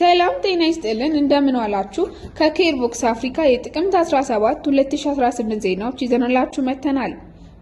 ሰላም ጤና ይስጥልን፣ እንደምን ዋላችሁ? ከኬር ቦክስ አፍሪካ የጥቅምት 17 2018 ዜናዎች ይዘንላችሁ መጥተናል።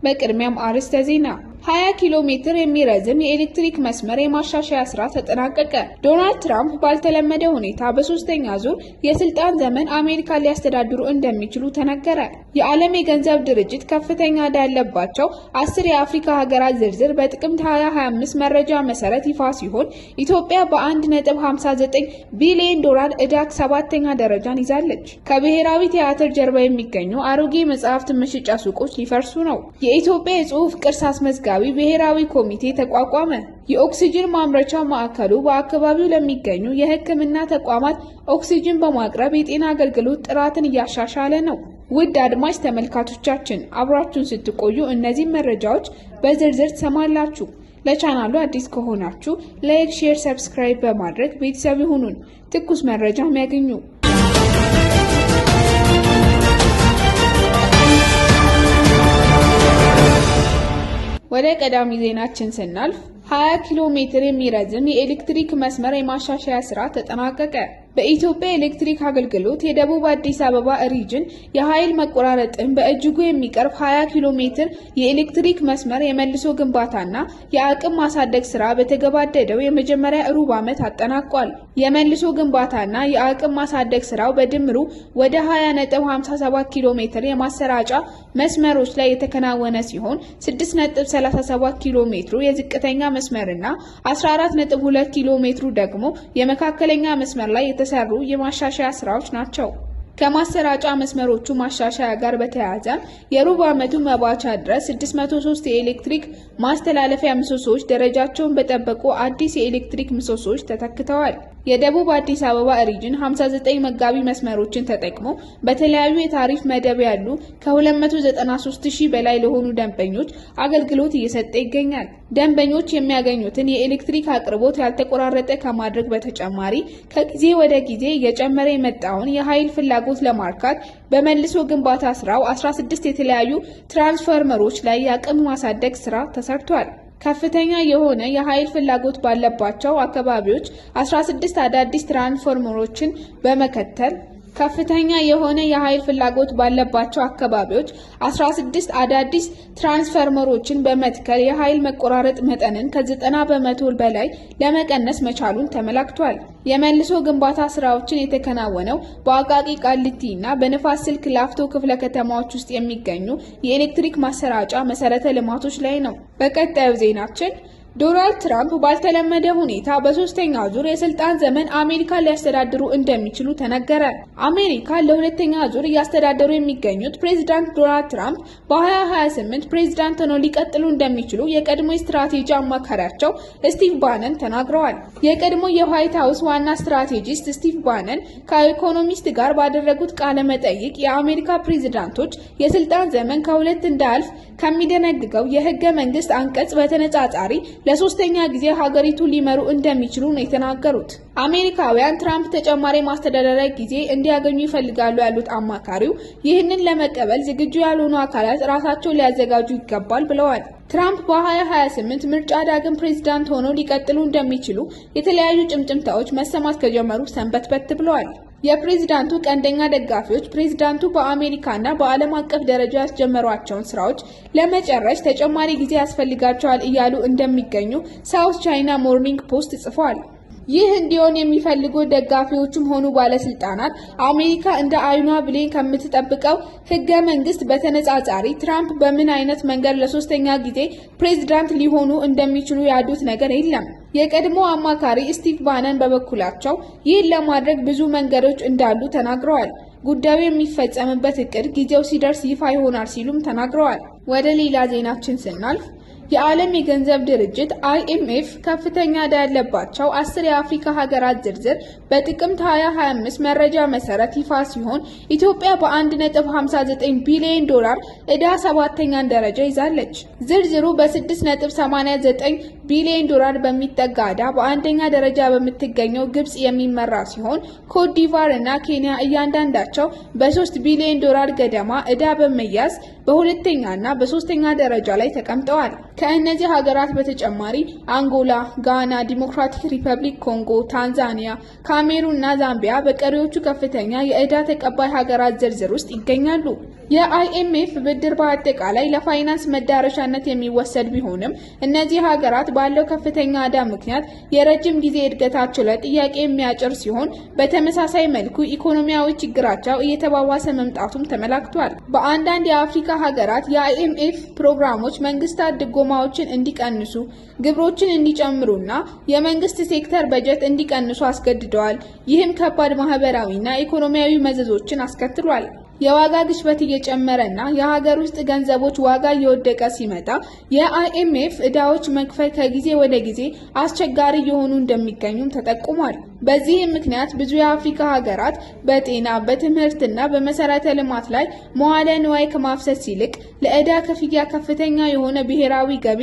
በቅድሚያም አርዕስተ ዜና 20 ኪሎ ሜትር የሚረዝም የኤሌክትሪክ መስመር የማሻሻያ ስራ ተጠናቀቀ። ዶናልድ ትራምፕ ባልተለመደ ሁኔታ በሶስተኛ ዙር የስልጣን ዘመን አሜሪካን ሊያስተዳድሩ እንደሚችሉ ተነገረ። የዓለም የገንዘብ ድርጅት ከፍተኛ ዕዳ ያለባቸው አስር የአፍሪካ ሀገራት ዝርዝር በጥቅምት 2025 መረጃ መሰረት ይፋ ሲሆን ኢትዮጵያ በ1.59 ቢሊዮን ዶላር ዕዳ ሰባተኛ ደረጃን ይዛለች። ከብሔራዊ ቲያትር ጀርባ የሚገኙ አሮጌ መጽሐፍት መሸጫ ሱቆች ሊፈርሱ ነው። የኢትዮጵያ የጽሑፍ ቅርስ አስመዝጋ ጊዜያዊ ብሔራዊ ኮሚቴ ተቋቋመ። የኦክሲጅን ማምረቻ ማዕከሉ በአካባቢው ለሚገኙ የሕክምና ተቋማት ኦክሲጅን በማቅረብ የጤና አገልግሎት ጥራትን እያሻሻለ ነው። ውድ አድማጭ ተመልካቾቻችን አብራችሁን ስትቆዩ እነዚህ መረጃዎች በዝርዝር ትሰማላችሁ። ለቻናሉ አዲስ ከሆናችሁ ላይክ፣ ሼር፣ ሰብስክራይብ በማድረግ ቤተሰብ ይሁኑን። ትኩስ መረጃም ያገኙ። ወደ ቀዳሚ ዜናችን ስናልፍ 20 ኪሎ ሜትር የሚረዝም የኤሌክትሪክ መስመር የማሻሻያ ስራ ተጠናቀቀ። በኢትዮጵያ ኤሌክትሪክ አገልግሎት የደቡብ አዲስ አበባ ሪጅን የኃይል መቆራረጥን በእጅጉ የሚቀርፍ 20 ኪሎ ሜትር የኤሌክትሪክ መስመር የመልሶ ግንባታና የአቅም ማሳደግ ስራ በተገባደደው የመጀመሪያ ሩብ ዓመት አጠናቋል። የመልሶ ግንባታና የአቅም ማሳደግ ስራው በድምሩ ወደ 20.57 ኪሎ ሜትር የማሰራጫ መስመሮች ላይ የተከናወነ ሲሆን 6.37 ኪሎ ሜትሩ የዝቅተኛ መስመርና 14.2 ኪሎ ሜትሩ ደግሞ የመካከለኛ መስመር ላይ የተ የተሰሩ የማሻሻያ ስራዎች ናቸው። ከማሰራጫ መስመሮቹ ማሻሻያ ጋር በተያያዘ የሩብ ዓመቱ መባቻ ድረስ 603 የኤሌክትሪክ ማስተላለፊያ ምሰሶዎች ደረጃቸውን በጠበቁ አዲስ የኤሌክትሪክ ምሰሶዎች ተተክተዋል። የደቡብ አዲስ አበባ ሪጅን 59 መጋቢ መስመሮችን ተጠቅሞ በተለያዩ የታሪፍ መደብ ያሉ ከ 293 በላይ ለሆኑ ደንበኞች አገልግሎት እየሰጠ ይገኛል። ደንበኞች የሚያገኙትን የኤሌክትሪክ አቅርቦት ያልተቆራረጠ ከማድረግ በተጨማሪ ከጊዜ ወደ ጊዜ እየጨመረ የመጣውን የኃይል ፍላጎት ፍላጎት ለማርካት በመልሶ ግንባታ ስራው 16 የተለያዩ ትራንስፎርመሮች ላይ የአቅም ማሳደግ ስራ ተሰርቷል። ከፍተኛ የሆነ የኃይል ፍላጎት ባለባቸው አካባቢዎች 16 አዳዲስ ትራንስፎርመሮችን በመከተል ከፍተኛ የሆነ የኃይል ፍላጎት ባለባቸው አካባቢዎች 16 አዳዲስ ትራንስፈርመሮችን በመትከል የኃይል መቆራረጥ መጠንን ከ90 በመቶ በላይ ለመቀነስ መቻሉን ተመላክቷል። የመልሶ ግንባታ ስራዎችን የተከናወነው በአቃቂ ቃሊቲ እና በንፋስ ስልክ ላፍቶ ክፍለ ከተማዎች ውስጥ የሚገኙ የኤሌክትሪክ ማሰራጫ መሰረተ ልማቶች ላይ ነው። በቀጣዩ ዜናችን ዶናልድ ትራምፕ ባልተለመደ ሁኔታ በሶስተኛ ዙር የስልጣን ዘመን አሜሪካ ሊያስተዳድሩ እንደሚችሉ ተነገረ። አሜሪካ ለሁለተኛ ዙር እያስተዳደሩ የሚገኙት ፕሬዚዳንት ዶናልድ ትራምፕ በ2028 ፕሬዚዳንት ሆነው ሊቀጥሉ እንደሚችሉ የቀድሞ ስትራቴጂ አማካሪያቸው ስቲቭ ባነን ተናግረዋል። የቀድሞ የዋይት ሀውስ ዋና ስትራቴጂስት ስቲቭ ባነን ከኢኮኖሚስት ጋር ባደረጉት ቃለ መጠይቅ የአሜሪካ ፕሬዚዳንቶች የስልጣን ዘመን ከሁለት እንዳልፍ ከሚደነግገው የህገ መንግስት አንቀጽ በተነጻጻሪ ለሶስተኛ ጊዜ ሀገሪቱን ሊመሩ እንደሚችሉ ነው የተናገሩት። አሜሪካውያን ትራምፕ ተጨማሪ ማስተዳደሪያ ጊዜ እንዲያገኙ ይፈልጋሉ ያሉት አማካሪው ይህንን ለመቀበል ዝግጁ ያልሆኑ አካላት ራሳቸው ሊያዘጋጁ ይገባል ብለዋል። ትራምፕ በ2028 ምርጫ ዳግም ፕሬዚዳንት ሆነው ሊቀጥሉ እንደሚችሉ የተለያዩ ጭምጭምታዎች መሰማት ከጀመሩ ሰንበት በት ብለዋል። የፕሬዝዳንቱ ቀንደኛ ደጋፊዎች ፕሬዝዳንቱ በአሜሪካና በዓለም አቀፍ ደረጃ ያስጀመሯቸውን ስራዎች ለመጨረስ ተጨማሪ ጊዜ ያስፈልጋቸዋል እያሉ እንደሚገኙ ሳውስ ቻይና ሞርኒንግ ፖስት ጽፏል። ይህ እንዲሆን የሚፈልጉ ደጋፊዎችም ሆኑ ባለስልጣናት አሜሪካ እንደ አይኗ ብሌን ከምትጠብቀው ህገ መንግስት በተነጻጻሪ ትራምፕ በምን አይነት መንገድ ለሶስተኛ ጊዜ ፕሬዝዳንት ሊሆኑ እንደሚችሉ ያሉት ነገር የለም። የቀድሞ አማካሪ ስቲቭ ባነን በበኩላቸው ይህን ለማድረግ ብዙ መንገዶች እንዳሉ ተናግረዋል። ጉዳዩ የሚፈጸምበት እቅድ ጊዜው ሲደርስ ይፋ ይሆናል ሲሉም ተናግረዋል። ወደ ሌላ ዜናችን ስናልፍ የዓለም የገንዘብ ድርጅት አይኤምኤፍ ከፍተኛ ዕዳ ያለባቸው አስር የአፍሪካ ሀገራት ዝርዝር በጥቅምት 2025 መረጃ መሰረት ይፋ ሲሆን ኢትዮጵያ በ1.59 ቢሊዮን ዶላር ዕዳ ሰባተኛን ደረጃ ይዛለች። ዝርዝሩ በ6.89 ቢሊዮን ዶላር በሚጠጋ ዕዳ በአንደኛ ደረጃ በምትገኘው ግብጽ የሚመራ ሲሆን ኮትዲቫር እና ኬንያ እያንዳንዳቸው በ3 ቢሊዮን ዶላር ገደማ ዕዳ በመያዝ በሁለተኛ እና በሶስተኛ ደረጃ ላይ ተቀምጠዋል። ከእነዚህ ሀገራት በተጨማሪ አንጎላ፣ ጋና፣ ዲሞክራቲክ ሪፐብሊክ ኮንጎ፣ ታንዛኒያ፣ ካሜሩን እና ዛምቢያ በቀሪዎቹ ከፍተኛ የእዳ ተቀባይ ሀገራት ዝርዝር ውስጥ ይገኛሉ። የአይኤምኤፍ ብድር በአጠቃላይ ለፋይናንስ መዳረሻነት የሚወሰድ ቢሆንም እነዚህ ሀገራት ባለው ከፍተኛ ዕዳ ምክንያት የረጅም ጊዜ እድገታቸው ላይ ጥያቄ የሚያጭር ሲሆን በተመሳሳይ መልኩ ኢኮኖሚያዊ ችግራቸው እየተባባሰ መምጣቱም ተመላክቷል። በአንዳንድ የአፍሪካ ሀገራት የአይኤምኤፍ ፕሮግራሞች መንግስታት ድጎ ድጎማዎችን እንዲቀንሱ፣ ግብሮችን እንዲጨምሩና የመንግስት ሴክተር በጀት እንዲቀንሱ አስገድደዋል። ይህም ከባድ ማህበራዊና ኢኮኖሚያዊ መዘዞችን አስከትሏል። የዋጋ ግሽበት እየጨመረ እና የሀገር ውስጥ ገንዘቦች ዋጋ እየወደቀ ሲመጣ የአይኤምኤፍ እዳዎች መክፈል ከጊዜ ወደ ጊዜ አስቸጋሪ እየሆኑ እንደሚገኙም ተጠቁሟል። በዚህም ምክንያት ብዙ የአፍሪካ ሀገራት በጤና በትምህርትና በመሰረተ ልማት ላይ መዋለ ንዋይ ከማፍሰስ ይልቅ ለዕዳ ክፍያ ከፍተኛ የሆነ ብሔራዊ ገቢ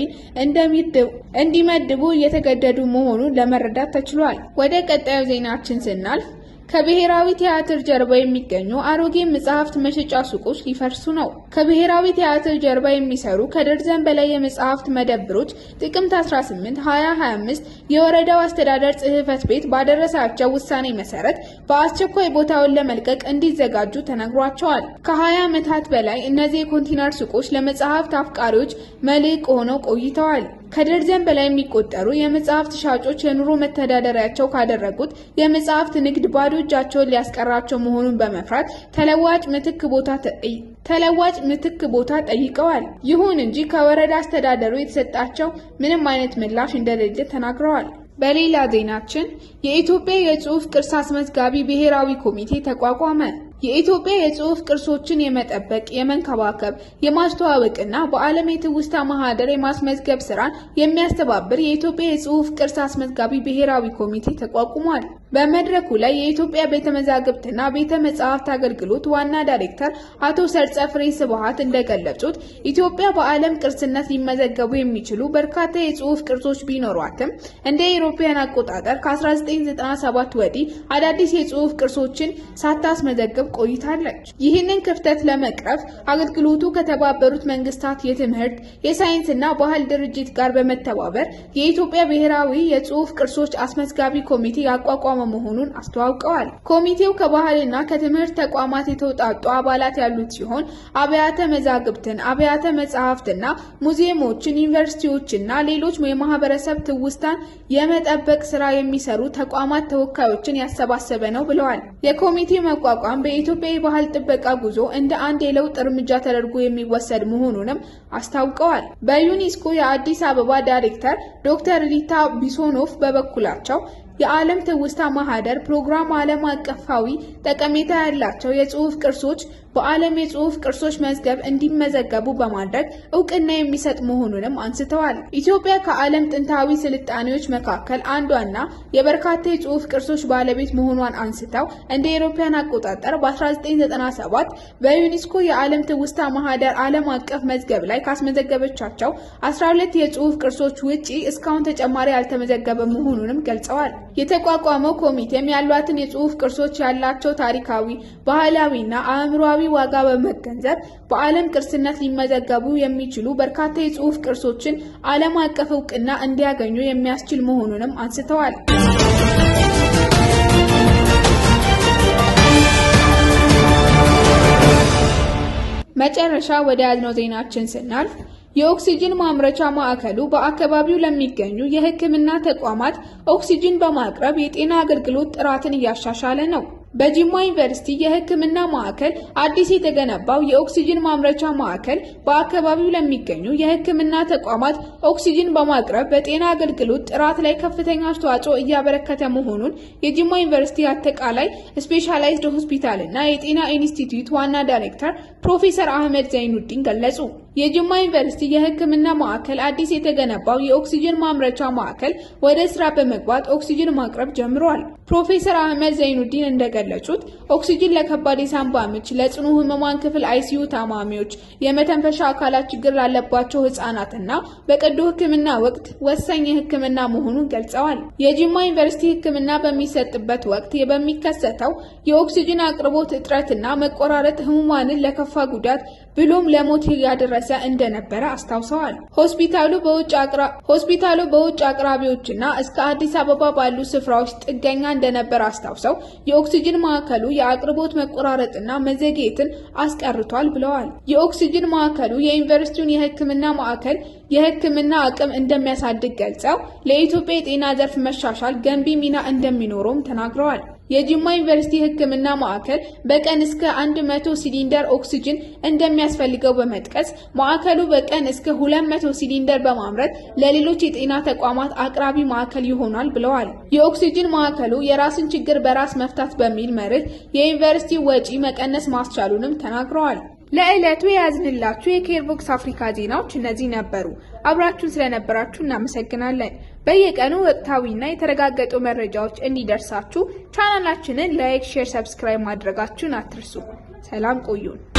እንዲመድቡ እየተገደዱ መሆኑን ለመረዳት ተችሏል። ወደ ቀጣዩ ዜናችን ስናልፍ ከብሔራዊ ቲያትር ጀርባ የሚገኙ አሮጌ መጽሐፍት መሸጫ ሱቆች ሊፈርሱ ነው። ከብሔራዊ ቲያትር ጀርባ የሚሰሩ ከደርዘን በላይ የመጽሐፍት መደብሮች ጥቅምት 18 2025 የወረዳው አስተዳደር ጽሕፈት ቤት ባደረሳቸው ውሳኔ መሰረት በአስቸኳይ ቦታውን ለመልቀቅ እንዲዘጋጁ ተነግሯቸዋል። ከ20 ዓመታት በላይ እነዚህ የኮንቲነር ሱቆች ለመጽሐፍት አፍቃሪዎች መልሕቅ ሆነው ቆይተዋል። ከደርዘን በላይ የሚቆጠሩ የመጽሐፍት ሻጮች የኑሮ መተዳደሪያቸው ካደረጉት የመጽሐፍት ንግድ ባዶ እጃቸውን ሊያስቀራቸው መሆኑን በመፍራት ተለዋጭ ምትክ ቦታ ተለዋጭ ምትክ ቦታ ጠይቀዋል። ይሁን እንጂ ከወረዳ አስተዳደሩ የተሰጣቸው ምንም አይነት ምላሽ እንደሌለ ተናግረዋል። በሌላ ዜናችን የኢትዮጵያ የጽሑፍ ቅርስ አስመዝጋቢ ብሔራዊ ኮሚቴ ተቋቋመ። የኢትዮጵያ የጽሑፍ ቅርሶችን የመጠበቅ፣ የመንከባከብ፣ የማስተዋወቅና በዓለም የትውስታ ማህደር የማስመዝገብ ስራን የሚያስተባብር የኢትዮጵያ የጽሑፍ ቅርስ አስመዝጋቢ ብሔራዊ ኮሚቴ ተቋቁሟል። በመድረኩ ላይ የኢትዮጵያ ቤተ መዛግብትና ቤተ መጻሕፍት አገልግሎት ዋና ዳይሬክተር አቶ ሰርጸ ፍሬ ስብሐት እንደገለጹት ኢትዮጵያ በዓለም ቅርስነት ሊመዘገቡ የሚችሉ በርካታ የጽሑፍ ቅርሶች ቢኖሯትም እንደ አውሮፓውያን አቆጣጠር ከ1997 ወዲህ አዳዲስ የጽሑፍ ቅርሶችን ሳታስመዘግብ ቆይታለች። ይህንን ክፍተት ለመቅረፍ አገልግሎቱ ከተባበሩት መንግስታት የትምህርት የሳይንስና ባህል ድርጅት ጋር በመተባበር የኢትዮጵያ ብሔራዊ የጽሑፍ ቅርሶች አስመዝጋቢ ኮሚቴ ያቋቋመ መሆኑን አስተዋውቀዋል። ኮሚቴው ከባህልና ከትምህርት ተቋማት የተውጣጡ አባላት ያሉት ሲሆን አብያተ መዛግብትን፣ አብያተ መጽሐፍትና ሙዚየሞችን፣ ዩኒቨርሲቲዎችና ሌሎች የማህበረሰብ ትውስታን የመጠበቅ ስራ የሚሰሩ ተቋማት ተወካዮችን ያሰባሰበ ነው ብለዋል። የኮሚቴው መቋቋም በኢትዮጵያ የባህል ጥበቃ ጉዞ እንደ አንድ የለውጥ እርምጃ ተደርጎ የሚወሰድ መሆኑንም አስታውቀዋል። በዩኒስኮ የአዲስ አበባ ዳይሬክተር ዶክተር ሪታ ቢሶኖፍ በበኩላቸው የዓለም ትውስታ ማህደር ፕሮግራም ዓለም አቀፋዊ ጠቀሜታ ያላቸው የጽሑፍ ቅርሶች በዓለም የጽሑፍ ቅርሶች መዝገብ እንዲመዘገቡ በማድረግ እውቅና የሚሰጥ መሆኑንም አንስተዋል። ኢትዮጵያ ከዓለም ጥንታዊ ስልጣኔዎች መካከል አንዷና የበርካታ የጽሑፍ ቅርሶች ባለቤት መሆኗን አንስተው እንደ አውሮፓውያን አቆጣጠር በ1997 በዩኔስኮ የዓለም ትውስታ ማህደር ዓለም አቀፍ መዝገብ ላይ ካስመዘገበቻቸው 12 የጽሑፍ ቅርሶች ውጪ እስካሁን ተጨማሪ ያልተመዘገበ መሆኑንም ገልጸዋል። የተቋቋመው ኮሚቴም ያሏትን የጽሁፍ ቅርሶች ያላቸው ታሪካዊ፣ ባህላዊና አእምሯዊ ዋጋ በመገንዘብ በዓለም ቅርስነት ሊመዘገቡ የሚችሉ በርካታ የጽሁፍ ቅርሶችን ዓለም አቀፍ እውቅና እንዲያገኙ የሚያስችል መሆኑንም አንስተዋል። መጨረሻ ወደ ያዝነው ዜናችን ስናልፍ የኦክሲጅን ማምረቻ ማዕከሉ በአካባቢው ለሚገኙ የሕክምና ተቋማት ኦክሲጅን በማቅረብ የጤና አገልግሎት ጥራትን እያሻሻለ ነው። በጂማ ዩኒቨርሲቲ የሕክምና ማዕከል አዲስ የተገነባው የኦክሲጅን ማምረቻ ማዕከል በአካባቢው ለሚገኙ የሕክምና ተቋማት ኦክሲጅን በማቅረብ በጤና አገልግሎት ጥራት ላይ ከፍተኛ አስተዋጽኦ እያበረከተ መሆኑን የጂማ ዩኒቨርሲቲ አጠቃላይ ስፔሻላይዝድ ሆስፒታል እና የጤና ኢንስቲትዩት ዋና ዳይሬክተር ፕሮፌሰር አህመድ ዘይኑዲን ገለጹ። የጅማ ዩኒቨርሲቲ የሕክምና ማዕከል አዲስ የተገነባው የኦክሲጅን ማምረቻ ማዕከል ወደ ስራ በመግባት ኦክሲጅን ማቅረብ ጀምሯል። ፕሮፌሰር አህመድ ዘይኑዲን እንደገለጹት ኦክሲጅን ለከባድ የሳንባ ምች፣ ለጽኑ ህመማን ክፍል አይሲዩ ታማሚዎች፣ የመተንፈሻ አካላት ችግር ላለባቸው ህጻናትና በቀዶ ሕክምና ወቅት ወሳኝ የህክምና መሆኑን ገልጸዋል። የጅማ ዩኒቨርሲቲ ሕክምና በሚሰጥበት ወቅት በሚከሰተው የኦክሲጅን አቅርቦት እጥረትና መቆራረጥ ህሙማንን ለከፋ ጉዳት ብሎም ለሞት ያደረሰ እንደነበረ አስታውሰዋል። ሆስፒታሉ በውጭ አቅራቢዎችና እስከ አዲስ አበባ ባሉ ስፍራዎች ጥገኛ እንደነበረ አስታውሰው የኦክሲጅን ማዕከሉ የአቅርቦት መቆራረጥና መዘግየትን አስቀርቷል ብለዋል። የኦክሲጅን ማዕከሉ የዩኒቨርሲቲውን የሕክምና ማዕከል የሕክምና አቅም እንደሚያሳድግ ገልጸው ለኢትዮጵያ የጤና ዘርፍ መሻሻል ገንቢ ሚና እንደሚኖረውም ተናግረዋል። የጅማ ዩኒቨርሲቲ ሕክምና ማዕከል በቀን እስከ 100 ሲሊንደር ኦክሲጅን እንደሚያስፈልገው በመጥቀስ ማዕከሉ በቀን እስከ 200 ሲሊንደር በማምረት ለሌሎች የጤና ተቋማት አቅራቢ ማዕከል ይሆናል ብለዋል። የኦክሲጅን ማዕከሉ የራስን ችግር በራስ መፍታት በሚል መርህ የዩኒቨርሲቲ ወጪ መቀነስ ማስቻሉንም ተናግረዋል። ለዕለቱ የያዝንላችሁ የኬርቦክስ ቦክስ አፍሪካ ዜናዎች እነዚህ ነበሩ። አብራችሁን ስለነበራችሁ እናመሰግናለን። በየቀኑ ወቅታዊና የተረጋገጡ መረጃዎች እንዲደርሳችሁ ቻናላችንን ላይክ፣ ሼር፣ ሰብስክራይብ ማድረጋችሁን አትርሱ። ሰላም ቆዩን።